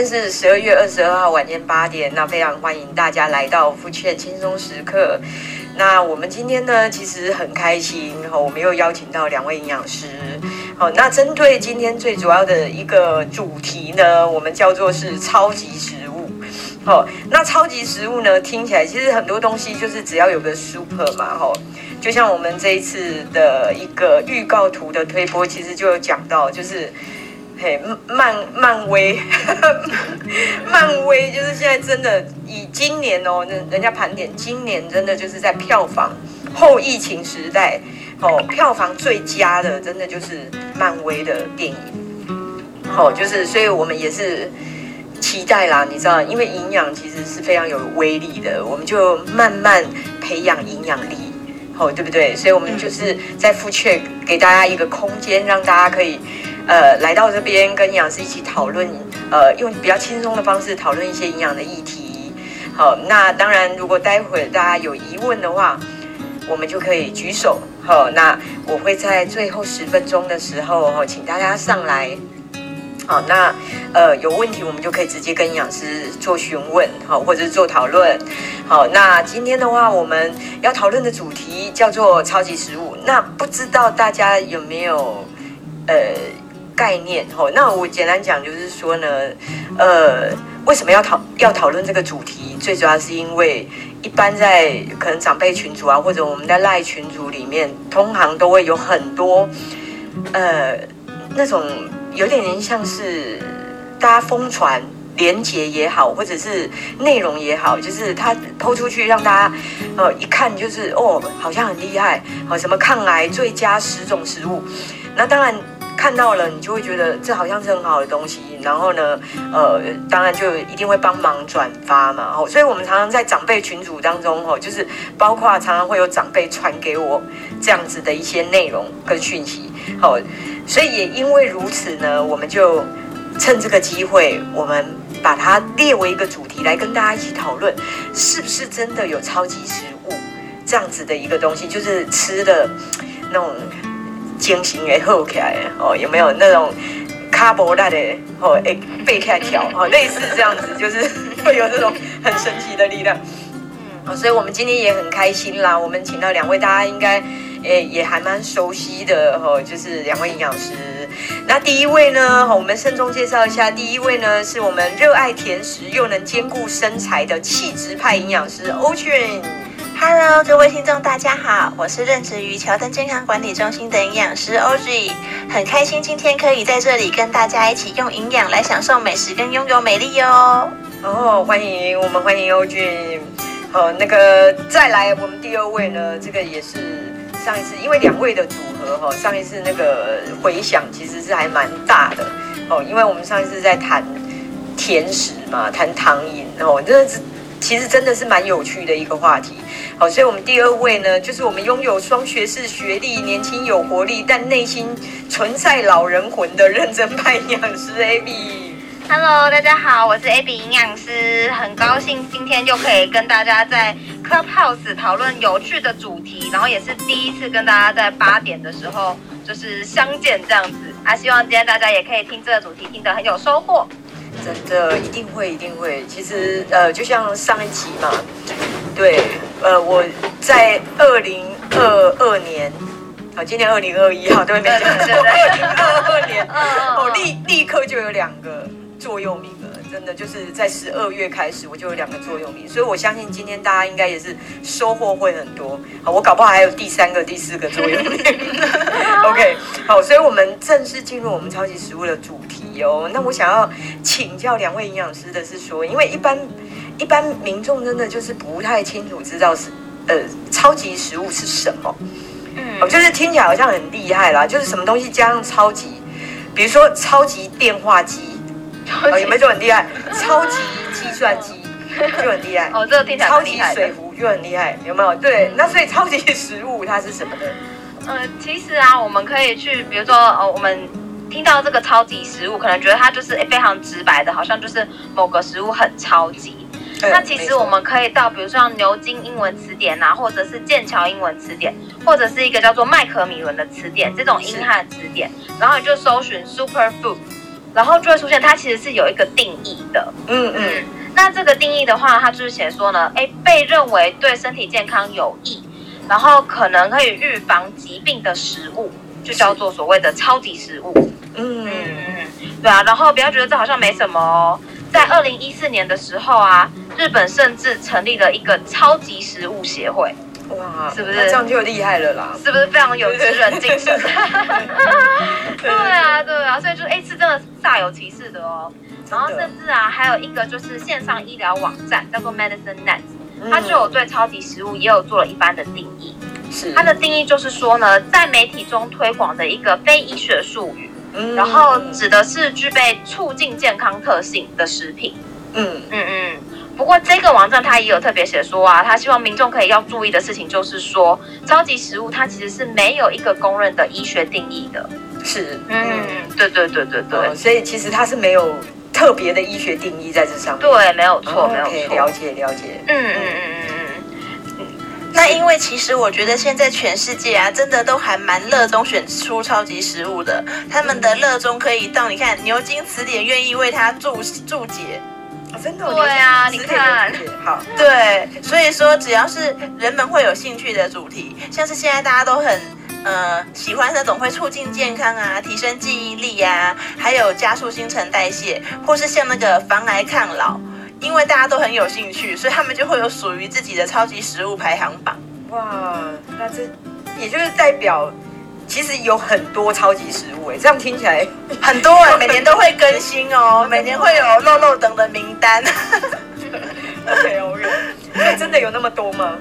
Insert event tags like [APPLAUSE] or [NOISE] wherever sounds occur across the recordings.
今天是十二月二十二號晚間八點，那非常歡迎大家來到福勸輕鬆時刻。那我們今天呢，其實很開心哈、哦，我們又邀請到兩位營養師。好、哦，那針對今天最主要的一個主題呢，我們叫做是超級食物。哦、那超級食物呢，聽起來其實很多東西就是只要有個 super 嘛，哈、哦，就像我們這一次的一個預告圖的推播，其實就有講到，就是。嘿，慢慢威，慢威就是現在真的以今年哦，人人家盤點今年真的就是在票房後疫情時代哦，票房最佳的真的就是漫威的電影。好、哦，就是所以我們也是期待啦，你知道，因為營養其實是非常有威力的，我們就慢慢培養營養力，哦，對不對？所以我們就是在付却給大家一個空間，讓大家可以。呃，來到這邊跟營養師一起討論，呃，用比較輕鬆的方式討論一些營養的議題。好，那當然，如果待會兒大家有疑問的話，我們就可以舉手。好，那我會在最後十分鐘的時候，請大家上來。好，那呃，有問題我們就可以直接跟營養師做詢問，好，或者是做討論。好，那今天的話，我們要討論的主題叫做超級食物。那不知道大家有沒有，呃。概念吼，那我簡單講，就是說呢，呃，為什麼要討要討論這個主題？最主要是因為，一般在可能長輩群組啊，或者我們在賴群組裡面，通常都會有很多，呃，那種有點像是大家瘋傳連結也好，或者是內容也好，就是他拋出去讓大家，呃，一看就是哦，好像很厲害，好什麼抗癌最佳十種食物，那當然，看到了，你就會覺得這好像是很好的東西，然後呢，呃，當然就一定會幫忙轉發嘛。哦，所以我們常常在長輩群組當中，哦，就是包括常常會有長輩傳給我這樣子的一些內容跟訊息，哦，所以也因為如此呢，我們就趁這個機會，我們把它列為一個主題來跟大家一起討論，是不是真的有超級食物這樣子的一個東西，就是吃的那種。精神給厚起來哦，有沒有那種卡博帶的哦？哎、欸，背開跳哦，類似這樣子，就是會有這種很神奇的力量。嗯，哦，所以我們今天也很開心啦。我們請到兩位，大家應該、欸、也還蠻熟悉的哦，就是兩位營養師。那第一位呢，哦、我們慎重介紹一下，第一位呢是我們熱愛甜食又能兼顧身材的氣質派營養師歐俊。哦 Ocean 哈嘍，Hello, 各位聽眾，大家好，我是任職於喬丹健康管理中心的營養師歐俊，很開心今天可以在這裡跟大家一起用營養來享受美食跟擁有美麗喲。哦，oh, 歡迎我們歡迎歐俊，好，那個再來我們第二位呢，這個也是上一次因為兩位的組合哈，上一次那個回響其實是還蠻大的哦，因為我們上一次在談甜食嘛，談糖癮哦，真的是其實真的是蠻有趣的一個話題。好，所以，我們第二位呢，就是我們擁有雙學士學歷、年輕有活力，但內心存在老人魂的認真派營養師 Abby。Hello，大家好，我是 Abby 營養師，很高興今天又可以跟大家在 Clubhouse 討論有趣的主題，然後也是第一次跟大家在八點的時候就是相見這樣子。啊，希望今天大家也可以聽這個主題，聽得很有收穫。真的一定會，一定會。其實，呃，就像上一集嘛，對，呃，我在二零二二年，好、哦，今年二零二一，好，對不對，沒錯，二零二二年，哦，立立刻就有兩個座右銘了。真的就是在十二月開始，我就有兩個座右銘，所以我相信今天大家應該也是收穫會很多。好，我搞不好還有第三個、第四個座右銘。 [LAUGHS] OK，好，所以我們正式進入我們超級食物的主題哦。那我想要請教兩位營養師的是說，因為一般一般民眾真的就是不太清楚知道是呃超級食物是什麼，嗯，就是聽起來好像很厲害啦，就是什麼東西加上超級，比如說超級電話機。有超、哦、沒有就很厲害？ [LAUGHS] 超級計算機 [LAUGHS] 就很厲害。哦，這個聽起來很厲害。超級水壺就很厲害，有沒有？對，那所以超級食物它是什麼呢？嗯、呃，其實啊，我們可以去，比如說，哦，我們聽到這個超級食物，可能覺得它就是非常直白的，好像就是某個食物很超級。嗯、那其實我們可以到，錯比如說像牛津英文詞典啊，或者是劍橋英文詞典，或者是一個叫做麥克米倫的詞典，這種英漢詞典，是然後你就搜尋 super food。然後就會出現，它其實是有一個定義的，嗯嗯。嗯，那這個定義的話，它就是寫說呢，誒，被認為對身體健康有益，然後可能可以預防疾病的食物，就叫做所謂的超級食物，嗯嗯嗯，嗯嗯嗯對啊。然後不要覺得這好像沒什麼哦，在二零一四年的時候啊，日本甚至成立了一個超級食物協會。哇，是不是、啊、這樣就厲害了啦？是不是非常有職人精神？ [LAUGHS] 對，對，對，對，對啊，對啊，所以就哎是真的煞有其事的哦。的然後甚至啊，還有一個就是線上醫療網站叫做 Medicine Net，、嗯、它就有對超級食物也有做了一般的定義。是，它的定義就是說呢，在媒體中推廣的一個非醫學術語，嗯、然後指的是具備促進健康特性的食品。嗯嗯嗯。不過這個網站它也有特別寫說啊，它希望民眾可以要注意的事情就是說，超級食物它其實是沒有一個公認的醫學定義的。是，嗯，對對對對對，對、哦，所以其實它是沒有特別的醫學定義在這上面。對，沒有錯，哦，沒有錯。了解了解。嗯嗯嗯嗯嗯。嗯嗯那，因為其實我覺得現在全世界啊，真的都還蠻熱衷選出超級食物的，他們的熱衷可以到你看牛津詞典願意為他注註解。真的，對啊，你看，好， [LAUGHS] 對，所以說，只要是人們會有興趣的主題，像是現在大家都很，呃，喜歡那種會促進健康啊，提升記憶力啊，還有加速新陳代謝，或是像那個防癌抗老，因為大家都很有興趣，所以他們就會有屬於自己的超級食物排行榜。哇，那這也就是代表。其實有很多超級食物哎，這樣聽起來很多哎， [LAUGHS] 每年都會更新哦，okay, 每年會有漏漏等的名單。 [LAUGHS] okay, ok, 真的有那麼多嗎？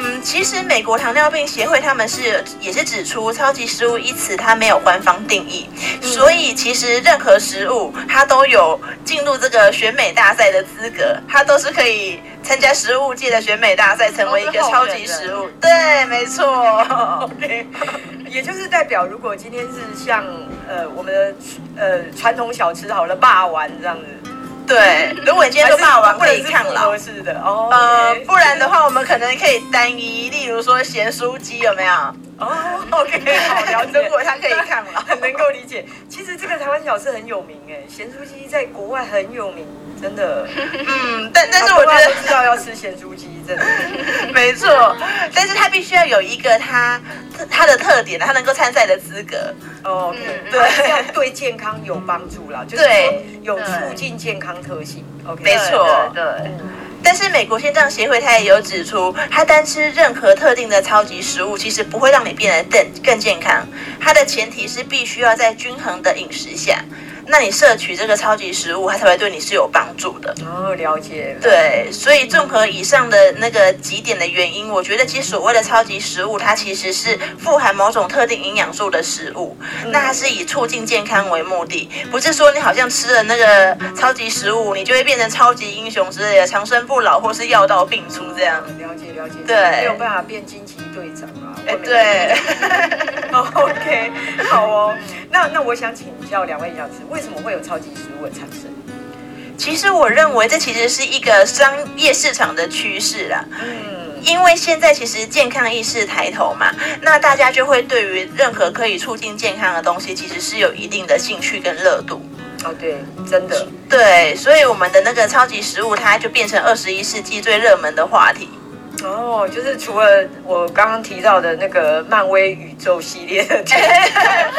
嗯，其實美國糖尿病協會他們是也是指出“超級食物”一詞它沒有官方定義，嗯、所以其實任何食物它都有進入這個選美大賽的資格，它都是可以參加食物界的選美大賽，成為一個超級食物。哦、對，沒錯。 [LAUGHS] OK。也就是代表，如果今天是像呃我們的呃傳統小吃好了，肉圓這樣子，對，如果今天都可以是肉圓，不能看了，是的，哦，嗯、okay, 不然的話，我們可能可以單一，是例如說鹹酥雞，有沒有？哦，OK，好，如果他可以看了， [LAUGHS] 能夠理解。其實這個台灣小吃很有名，哎，鹹酥雞在國外很有名。真的，嗯，但但是我覺得都知道要吃鹹酥雞，真的， [LAUGHS] 沒錯錯，但是他必須要有一個他他的特點，他能夠參賽的資格。哦，okay, 嗯、對，要對健康有幫助了，嗯、就是有促進健康特性。OK，沒錯，對。但是美國心臟協會他也有指出，他單吃任何特定的超級食物，其實不會讓你變得更更健康。它的前提是必須要在均衡的飲食下。那你攝取這個超級食物，它才會對你是有幫助的。哦、嗯，了解了。對，所以綜合以上的那個幾點的原因，我覺得其實所謂的超級食物，它其實是富含某種特定營養素的食物。嗯、那它是以促進健康為目的，不是說你好像吃了那個超級食物，你就會變成超級英雄之類的，長生不老或是藥到病除這樣。了解、嗯、了解。了解。對，沒有辦法變驚奇隊長。對 okay. [LAUGHS] ，OK，好哦。那那我想請教兩位講師，為什麼會有超級食物產生？其實我認為這其實是一個商業市場的趨勢啦。嗯，因為現在其實健康意識抬頭嘛，那大家就會對於任何可以促進健康的東西，其實是有一定的興趣跟熱度。哦，對，真的。對，所以我們的那個超級食物，它就變成二十一世紀最熱門的話題。哦，就是除了我剛剛提到的那個漫威宇宙系列，就是、欸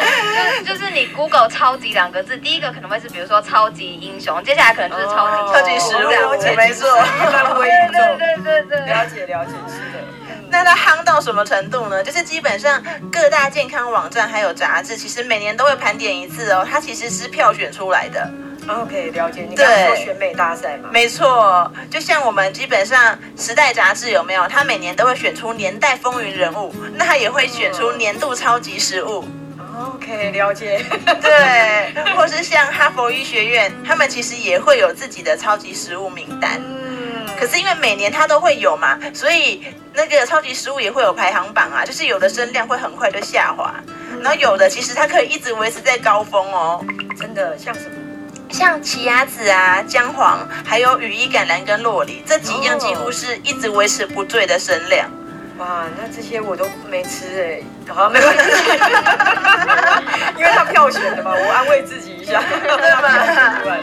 就是就是、你 Google 超級兩個字，第一個可能會是比如說超級英雄，接下來可能就是超級超、哦、超級食物，沒錯。漫威宇宙，對對對對，了解了解，是的。那它夯到什麼程度呢？就是基本上各大健康網站還有雜誌，其實每年都會盤點一次哦，它其實是票選出來的。OK，了解。你看過選美大賽嗎？沒錯。就像我們基本上時代雜誌有沒有？他每年都會選出年代風雲人物，那他也會選出年度超級食物。哦，OK，了解。 [LAUGHS] 對，或是像哈佛醫學院，他們其實也會有自己的超級食物名單。嗯。可是因為每年他都會有嘛，所以那個超級食物也會有排行榜啊。就是有的聲量會很快就下滑，然後有的其實他可以一直維持在高峰哦。真的像什麼？像奇亞籽啊、薑黃，還有羽衣甘藍跟酪梨這幾樣，幾乎是一直維持不墜的聲量。哇，那這些我都沒吃哎、欸，好，啊，沒關係， [LAUGHS] [LAUGHS] 因為他票選的嘛，我安慰自己一下，對吧？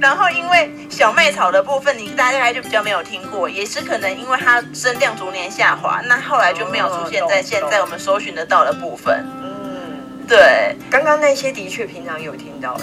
然後因為小麥草的部分，你大家就比較沒有聽過，也是可能因為它聲量逐年下滑，那後來就沒有出現在現在我們搜尋得到的部分。對，剛剛那些的確平常有聽到了，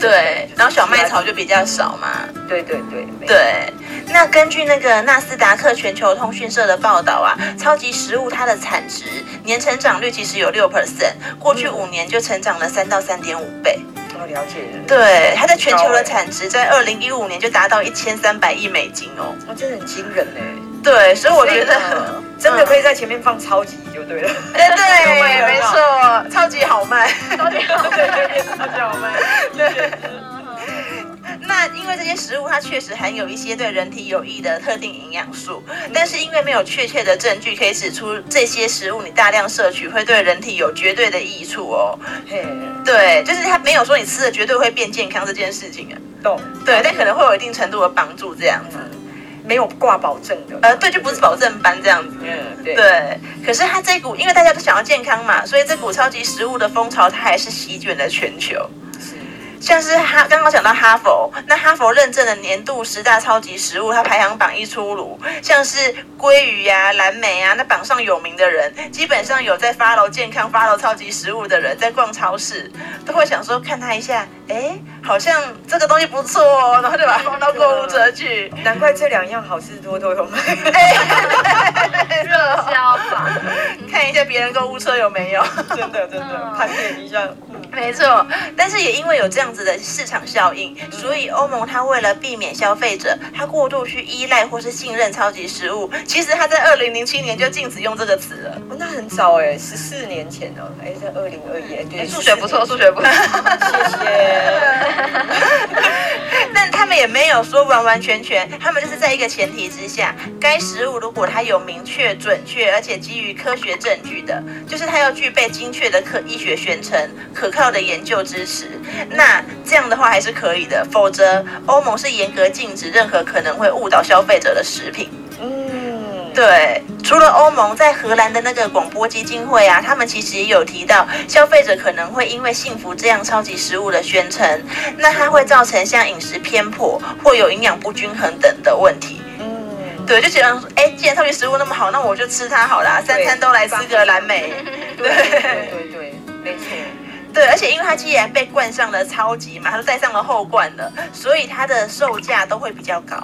對，然後小麥草就比較少嘛，對、嗯、對對對。對有那根據那個納斯達克全球通訊社的報道啊，超級食物它的產值年成長率其實有六 percent，過去五年就成長了三到三點五倍。我、嗯哦、了解。對，它在全球的產值在二零一五年就達到一千三百億美金哦。哇、哦，真的很驚人嘞。對，所以我覺得、嗯、真的可以在前面放超級。對對對， [LAUGHS] 沒錯，超級好賣， [LAUGHS] 超級好賣， [LAUGHS] 對。那因為這些食物，它確實含有一些對人體有益的特定營養素，嗯、但是因為沒有確切的證據可以指出這些食物你大量攝取會對人體有絕對的益處哦。嘿，對，就是它沒有說你吃了絕對會變健康這件事情啊。懂。對，但可能會有一定程度的幫助，這樣子。嗯沒有掛保證的，呃，對，就不是保證班這樣子。嗯，對、對。可是它這股，因為大家都想要健康嘛，所以這股超級食物的風潮，它還是席捲了全球。像是哈，剛剛講到哈佛，那哈佛認證的年度十大超級食物，它排行榜一出爐，像是鮭魚啊、藍莓啊，那榜上有名的人，基本上有在 follow 健康、follow 超級食物的人，在逛超市都會想說，看他一下，哎，好像這個東西不錯，哦，然後就把它放到購物車去。的難怪這兩樣好市多都有賣，熱銷吧？看一下別人購物車有沒有？真的，真的盤、嗯、點一下。沒錯，但是也因為有這樣子的市場效應，所以歐盟它為了避免消費者他過度去依賴或是信任超級食物，其實他在二零零七年就禁止用這個詞了。哦，那很早哎，十四年前哦，哎，在二零二一哎，對，數學不錯，數學不錯， [LAUGHS] [LAUGHS] 謝謝。 [LAUGHS] 但他們也沒有說完完全全，他們就是在一個前提之下，該食物如果它有明確、準確，而且基於科學證據的，就是它要具備精確的科醫學宣稱、可靠的研究支持，那這樣的話還是可以的。否則，歐盟是嚴格禁止任何可能會誤導消費者的食品。對，除了歐盟在荷蘭的那個廣播基金會啊，他們其實也有提到，消費者可能會因為幸福這樣超級食物的宣稱，那它會造成像飲食偏頗，或有營養不均衡等的問題。嗯，對，就覺得哎、欸，既然超級食物那麼好，那我就吃它好啦。對三餐都來吃個藍莓。對對，對對對，沒錯對。對，而且因為它既然被冠上了超級嘛，它都戴上了後冠了，所以它的售價都會比較高。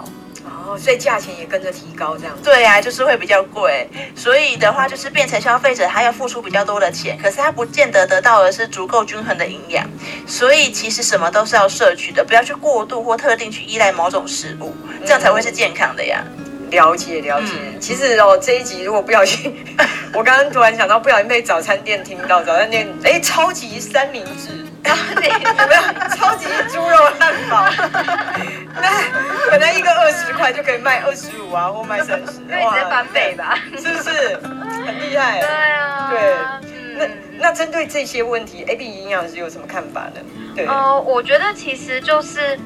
哦、所以價錢也跟着提高，這樣子對啊，就是會比較貴。所以的話，就是變成消費者，他要付出比較多的錢，可是他不見得得到的是足夠均衡的營養。所以其實什麼都是要攝取的，不要去過度或特定去依賴某種食物，嗯、這樣才會是健康的呀。了解了解。了解嗯、其實哦，這一集如果不小心， [LAUGHS] 我剛剛突然想到，不小心被早餐店聽到，早餐店哎、欸，超級三明治。對，有沒有超級豬 [LAUGHS] [LAUGHS] 肉漢堡？ [LAUGHS] [LAUGHS] 那本來一個二十塊就可以賣二十五啊，或賣三十，哇，翻倍吧？是不是很厲害？對啊，對。嗯、那那針對這些問題，A、B 營養師有什麼看法呢？對哦、呃，我覺得其實就是。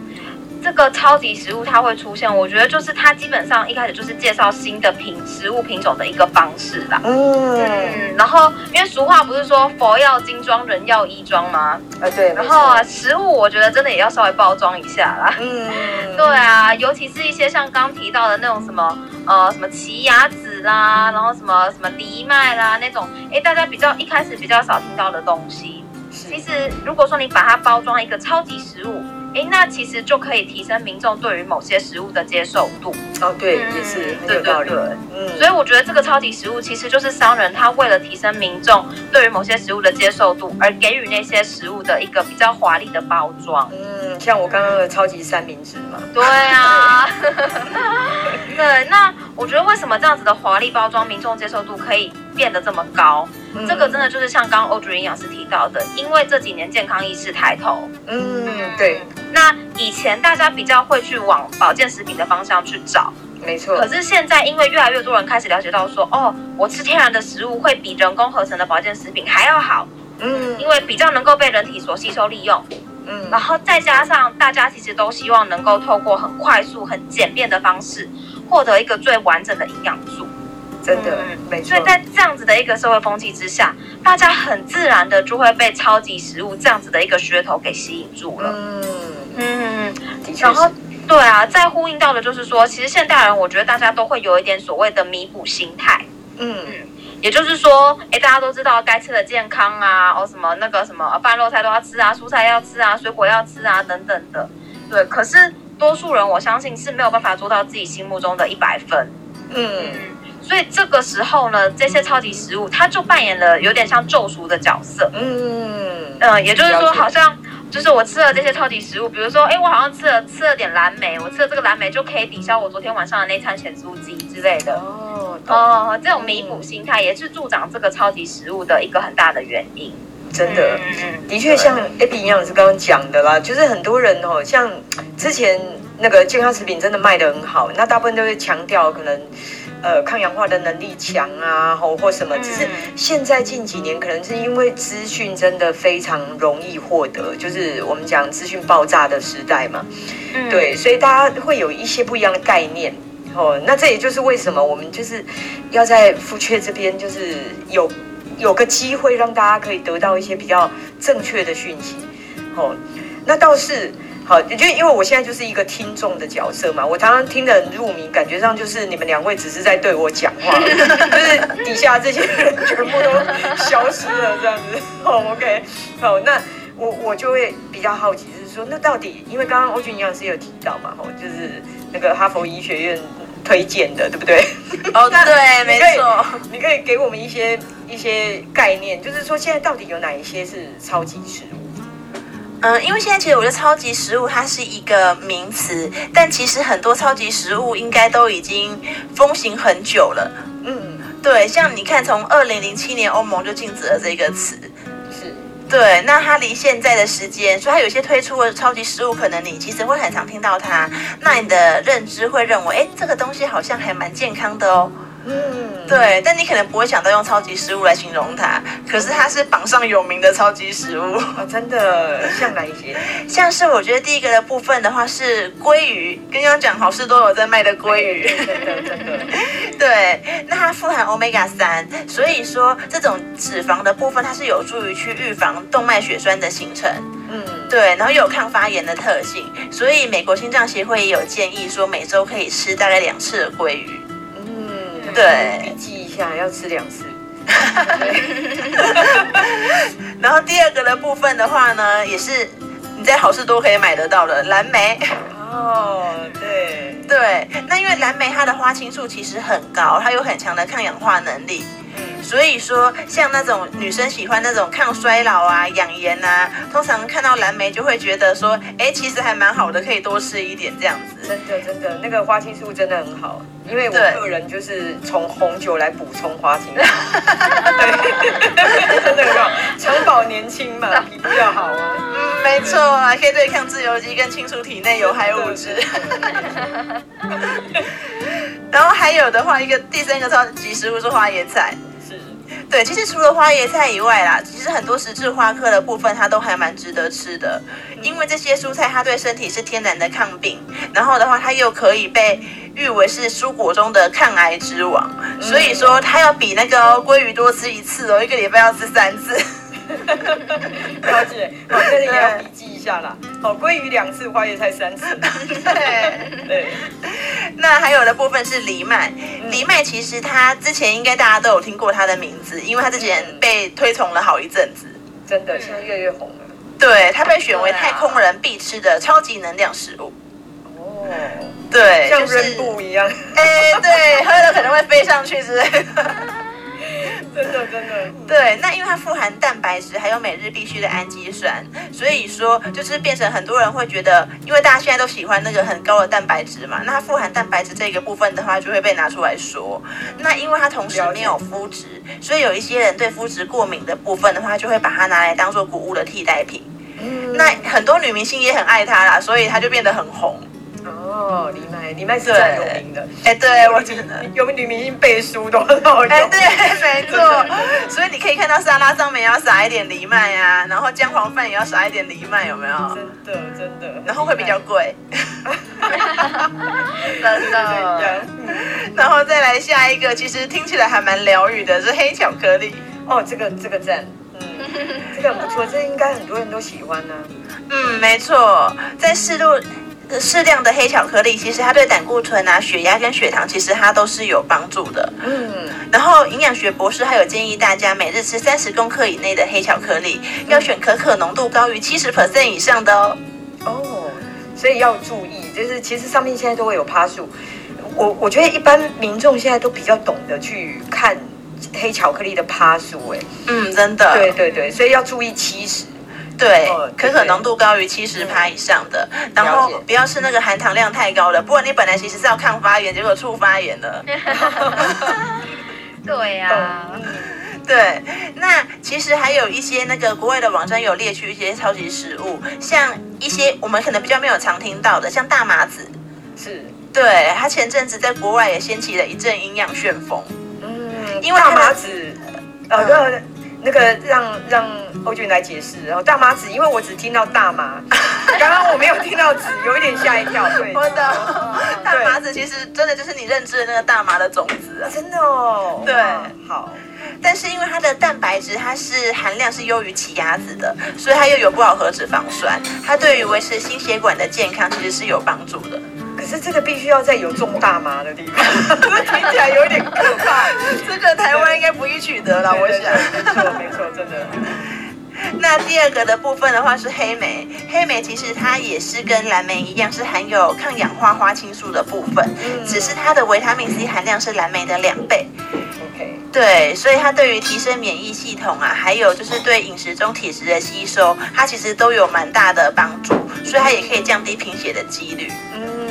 這個超級食物它會出現，我覺得就是它基本上一開始就是介紹新的品食物品種的一個方式啦。嗯，嗯，然後因為俗話不是說佛要金裝，人要衣裝嗎？啊對。然後啊，食物我覺得真的也要稍微包裝一下啦。嗯， [LAUGHS] 對啊，尤其是一些像剛提到的那種什麼呃什麼奇亞籽啦，然後什麼什麼藜麥啦那種，哎，大家比較一開始比較少聽到的東西，是其實如果說你把它包裝一個超級食物。哎，那其實就可以提升民眾對於某些食物的接受度。哦，對，也是這、嗯、個道理。對對對嗯，所以我覺得這個超級食物其實就是商人他為了提升民眾對於某些食物的接受度，而給予那些食物的一個比較華麗的包裝。嗯，像我剛剛的超級三明治嘛。對啊。 [LAUGHS] [LAUGHS] 對，那我覺得為什麼這樣子的華麗包裝，民眾接受度可以變得這麼高？嗯、這個真的就是像剛歐弟營養師提到的，因為這幾年健康意識抬頭。嗯，對。那以前大家比較會去往保健食品的方向去找，沒錯。可是現在因為越來越多人開始了解到說，哦，我吃天然的食物會比人工合成的保健食品還要好，嗯，因為比較能夠被人體所吸收利用，嗯。然後再加上大家其實都希望能夠透過很快速、很簡便的方式獲得一個最完整的營養素，真的、嗯、沒錯。所以在這樣子的一個社會風氣之下，大家很自然的就會被超級食物這樣子的一個噱頭給吸引住了，嗯。然後，對啊，再呼應到的就是說，其實現代人，我覺得大家都會有一點所謂的彌補心態，嗯，嗯，也就是說，誒，大家都知道該吃的健康啊，哦什麼那個什麼，飯肉菜都要吃啊，蔬菜要吃啊，水果要吃啊，等等的，對。可是多數人，我相信是沒有辦法做到自己心目中的一百分，嗯，嗯。所以這個時候呢，這些超級食物，嗯、它就扮演了有點像救贖的角色，嗯嗯，嗯，也就是說，好像。就是我吃了這些超級食物，比如說，哎，我好像吃了吃了點藍莓，嗯、我吃了這個藍莓就可以抵消我昨天晚上的那餐鹹酥雞之類的。哦，哦，這種彌補心態也是助長這個超級食物的一個很大的原因。嗯、真的，的確像 A P 營養師剛剛講的啦，對就是很多人哦，像之前那個健康食品真的賣得很好，那大部分都會強調可能。呃，抗氧化的能力強啊，或、哦、或什麼，只是現在近幾年可能是因為資訊真的非常容易獲得，就是我們講資訊爆炸的時代嘛，嗯、對，所以大家會有一些不一樣的概念，吼、哦，那這也就是為什麼我們就是要在福確這邊就是有有個機會讓大家可以得到一些比較正確的訊息，吼、哦，那倒是。好，就因為我現在就是一個聽眾的角色嘛，我常常聽得很入迷，感覺上就是你們兩位只是在對我講話， [LAUGHS] 就是底下這些人全部都消失了這樣子。Oh, OK，好，那我我就會比較好奇，就是說，那到底，因為剛剛歐俊營養師也有提到嘛，吼，就是那個哈佛醫學院推薦的，對不對？哦、oh, [LAUGHS] 對，沒錯。你可以給我們一些一些概念，就是說，現在到底有哪一些是超級食物？嗯，因為現在其實我覺得“超級食物”它是一個名詞，但其實很多超級食物應該都已經風行很久了。嗯，對，像你看，從二零零七年歐盟就禁止了這個詞。是。對，那它離現在的時間，所以它有些推出的超級食物，可能你其實會很常聽到它。那你的認知會認為，哎，這個東西好像還蠻健康的哦。嗯，對，但你可能不會想到用超級食物來形容它，可是它是榜上有名的超級食物。啊、哦，真的像哪一些？像是我覺得第一個的部分的話是鮭魚，剛剛講好市多有在賣的鮭魚。嗯、 [LAUGHS] 對，那它富含 Omega 3，所以說這種脂肪的部分它是有助於去預防動脈血栓的形成。嗯，對，然後又有抗發炎的特性，所以美國心臟協會也有建議說每周可以吃大概兩次的鮭魚。對，記一下，要吃兩次。 [LAUGHS] 然後第二個的部分的話呢，也是你在好事多可以買得到的藍莓。哦，oh, 對對，那因為藍莓它的花青素其實很高，它有很強的抗氧化能力。嗯，所以說像那種女生喜歡那種抗衰老啊、養顏啊，通常看到藍莓就會覺得說，哎，其實還蠻好的，可以多吃一點這樣子。真的真的，那個花青素真的很好，因為我個人就是從紅酒來補充花青素。對， [LAUGHS] 對，真的很好，常保年輕嘛，皮膚要好啊、哦。沒錯啊，可以對抗自由基，跟清除體內有害物質。 [LAUGHS] 然後還有的話，一個第三個超級食物是花椰菜。是。是對，其實除了花椰菜以外啦，其實很多十字花科的部分，它都還蠻值得吃的。嗯、因為這些蔬菜，它對身體是天然的抗病，然後的話，它又可以被譽為是蔬果中的抗癌之王。嗯、所以說，它要比那個、哦、鮭魚多吃一次哦，一個禮拜要吃三次。了解， [LAUGHS] 我這裡要筆記一下啦。對好，鮭魚兩次，花椰菜三次。對對。對那還有的部分是藜麥，藜麥、嗯、其實它之前應該大家都有聽過它的名字，因為它之前被推崇了好一陣子、嗯。真的，現在越來越紅了。對，它被選為太空人必吃的超級能量食物。哦、啊。嗯、對，像潤步一樣。哎、就是欸，對，喝了可能會飛上去之類真的，真的，對，那因為它富含蛋白質，還有每日必需的氨基酸，所以說就是變成很多人會覺得，因為大家現在都喜歡那個很高的蛋白質嘛，那它富含蛋白質這個部分的話，就會被拿出來說。那因為它同時沒有麩質，所以有一些人對麩質過敏的部分的話，就會把它拿來當做谷物的替代品。嗯，那很多女明星也很愛它啦，所以它就變得很紅。哦，藜麥，藜麥是最有名的。哎對、欸，對，我覺得有女，有女明星背書都很好用哎、欸，對，沒錯。的所以你可以看到沙拉上面要撒一點藜麥啊，然後薑黃飯也要撒一點藜麥，有沒有？真的，真的。然後會比較貴。害 [LAUGHS] 真的。 [LAUGHS] 然後再來下一個，其實聽起來還蠻療癒的，是黑巧克力。哦，這個這個讚、嗯，這個不錯， [LAUGHS] 這應該很多人都喜歡呢、啊。嗯，沒錯，在適度。適量的黑巧克力，其實它對膽固醇啊、血壓跟血糖，其實它都是有幫助的。嗯，然後營養學博士還有建議大家每日吃三十公克以內的黑巧克力，要選可可濃度高於七十 percent 以上的哦。哦，所以要注意，就是其實上面現在都會有趴數，我我覺得一般民眾現在都比較懂得去看黑巧克力的趴數，哎，嗯，真的，對對對，所以要注意七十。對，可可濃度高於七十趴以上的，嗯、然後不要吃那個含糖量太高的，不然你本來其實是要抗發炎，結果促發炎了。 [LAUGHS] 對呀、啊，對，那其實還有一些那個國外的網站有列出一些超級食物，像一些我們可能比較沒有常聽到的，像大麻籽。是對，它前陣子在國外也掀起了一陣營養旋風。嗯，因為大麻籽，嗯、呃，那個讓讓。我就來解釋，然後大麻籽，因為我只聽到大麻，剛剛我沒有聽到籽，有一點嚇一跳。對，我的大麻籽其實真的就是你認知的那個大麻的種子啊，真的哦。對，好。但是因為它的蛋白質，它是含量是優於奇亞籽的，所以它又有不飽和脂肪酸，它對於維持心血管的健康其實是有幫助的。可是這個必須要在有種大麻的地方，聽起來有點可怕。這個台灣應該不易取得了，我想。沒錯，沒錯，真的。那第二個的部分的話是黑莓，黑莓其實它也是跟藍莓一樣，是含有抗氧化花青素的部分，嗯、只是它的維他命 C 含量是藍莓的兩倍。OK，對，所以它對於提升免疫系統啊，還有就是對飲食中鐵質的吸收，它其實都有蠻大的幫助，所以它也可以降低貧血的幾率。嗯，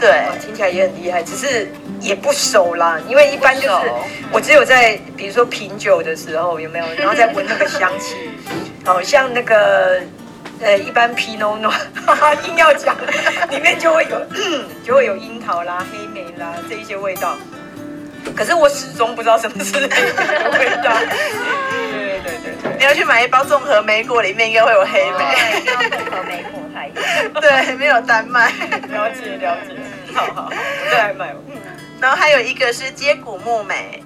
對，聽起來也很厲害，只是。也不熟啦，因為一般就是熟我只有在比如說品酒的時候有沒有，然後再聞那個香氣，好 [LAUGHS] 是像那個呃一般 Pinot 哈、no, 哈， [LAUGHS] 硬要講裡面就會有 [LAUGHS] 就會有櫻桃啦、 [LAUGHS] 黑莓啦這一些味道，可是我始終不知道什麼是黑莓的味道？ [LAUGHS] 對，對對對對，你要去買一包綜合莓果，裡面應該會有黑莓。 [LAUGHS] 對，沒有單賣。 [LAUGHS] 了解了解，好好好，我再來買。然後還有一個是接骨木莓，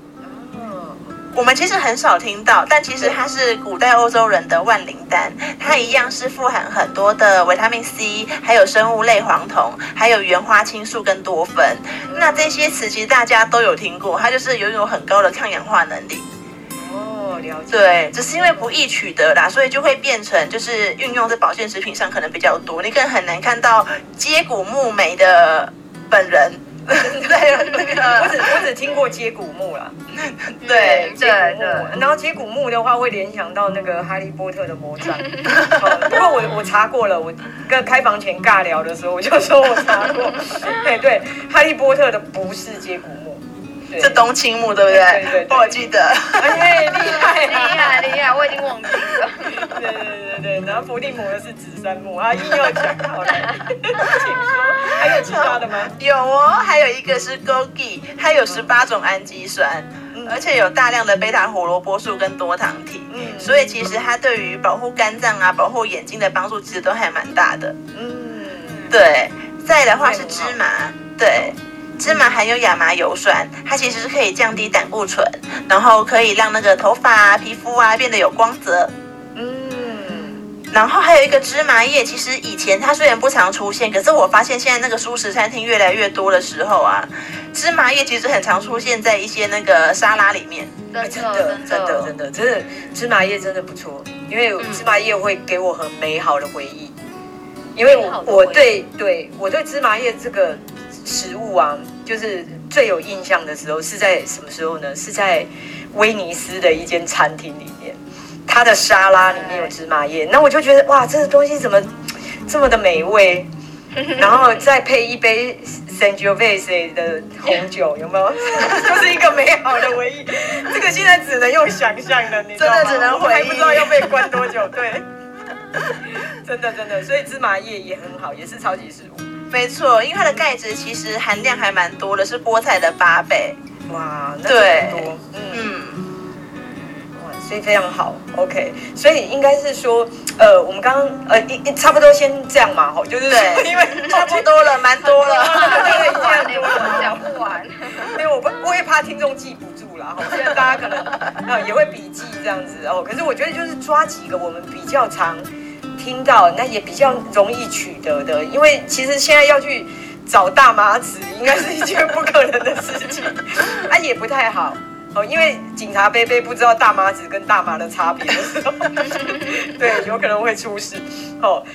哦，我們其實很少聽到，但其實它是古代歐洲人的萬靈丹，它一樣是富含很多的維他命 C，還有生物類黃酮，還有原花青素跟多酚。那這些詞其實大家都有聽過，它就是擁有很高的抗氧化能力。哦，了解。對，只是因為不易取得啦，所以就會變成就是運用在保健食品上可能比較多，你更很難看到接骨木莓的本人。 [LAUGHS] 對，我只我只聽過接古墓接骨木了，對對對。對，然後接骨木的話，會聯想到那個《哈利波特》的魔杖、 [LAUGHS] 哦。不過我我查過了，我跟開房前尬聊的時候，我就說我查過。 [LAUGHS] 對對，《哈利波特》的不是接骨木。這冬對青木對不對？對對對對不我記得。哎、厲害、啊、厲害厲害，我已經忘記了。 [LAUGHS] 對對對對，然後伏地魔是紫杉木啊，應用真的好厲害。還有其他的嗎？有哦，還有一個是枸杞，它有十八種氨基酸，嗯、而且有大量的貝塔胡蘿蔔素跟多糖體，嗯、所以其實它對於保護肝臟啊、保護眼睛的幫助，其實都還蠻大的。嗯，對。再的話是芝麻，對。芝麻含有亞麻油酸，它其實是可以降低膽固醇，然後可以讓那個頭髮啊、皮膚啊變得有光澤。嗯，然後還有一個芝麻葉，其實以前它雖然不常出現，可是我發現現在那個素食餐廳越來越多的時候啊，芝麻葉其實很常出現在一些那個沙拉裡面。真的，真的，真的，真的，芝麻葉真的不錯，因為芝麻葉會給我很美好的回憶，嗯，因為我我對對我對芝麻葉這個，食物啊，就是最有印象的時候是在什麼時候呢？是在威尼斯的一間餐廳裡面，它的沙拉裡面有芝麻葉，那我就覺得哇，這個東西怎麼這麼的美味？然後再配一杯 Sangiovese 的紅酒，有沒有？就是一個美好的回憶。這個現在只能用想象的，你真的只能回憶，不知道要被關多久。對，真的真的，所以芝麻葉也很好，也是超級食物。沒錯，因為它的鈣質其實含量還蠻多的，是菠菜的八倍。哇，那麼多，嗯，所以非常好。OK，所以應該是說，呃，我們剛剛呃，一差不多先這樣嘛，好，就是因為差不多了，蠻多了，對對，這樣講不完，因為我不，我也怕聽眾記不住啦。吼，因為大家可能也會筆記這樣子哦，可是我覺得就是抓幾個我們比較長，聽到那也比較容易取得的，因為其實現在要去找大麻子，應該是一件不可能的事情，啊，也不太好哦，因為警察杯杯不知道大麻子跟大麻的差別的時候，對，有可能會出事哦。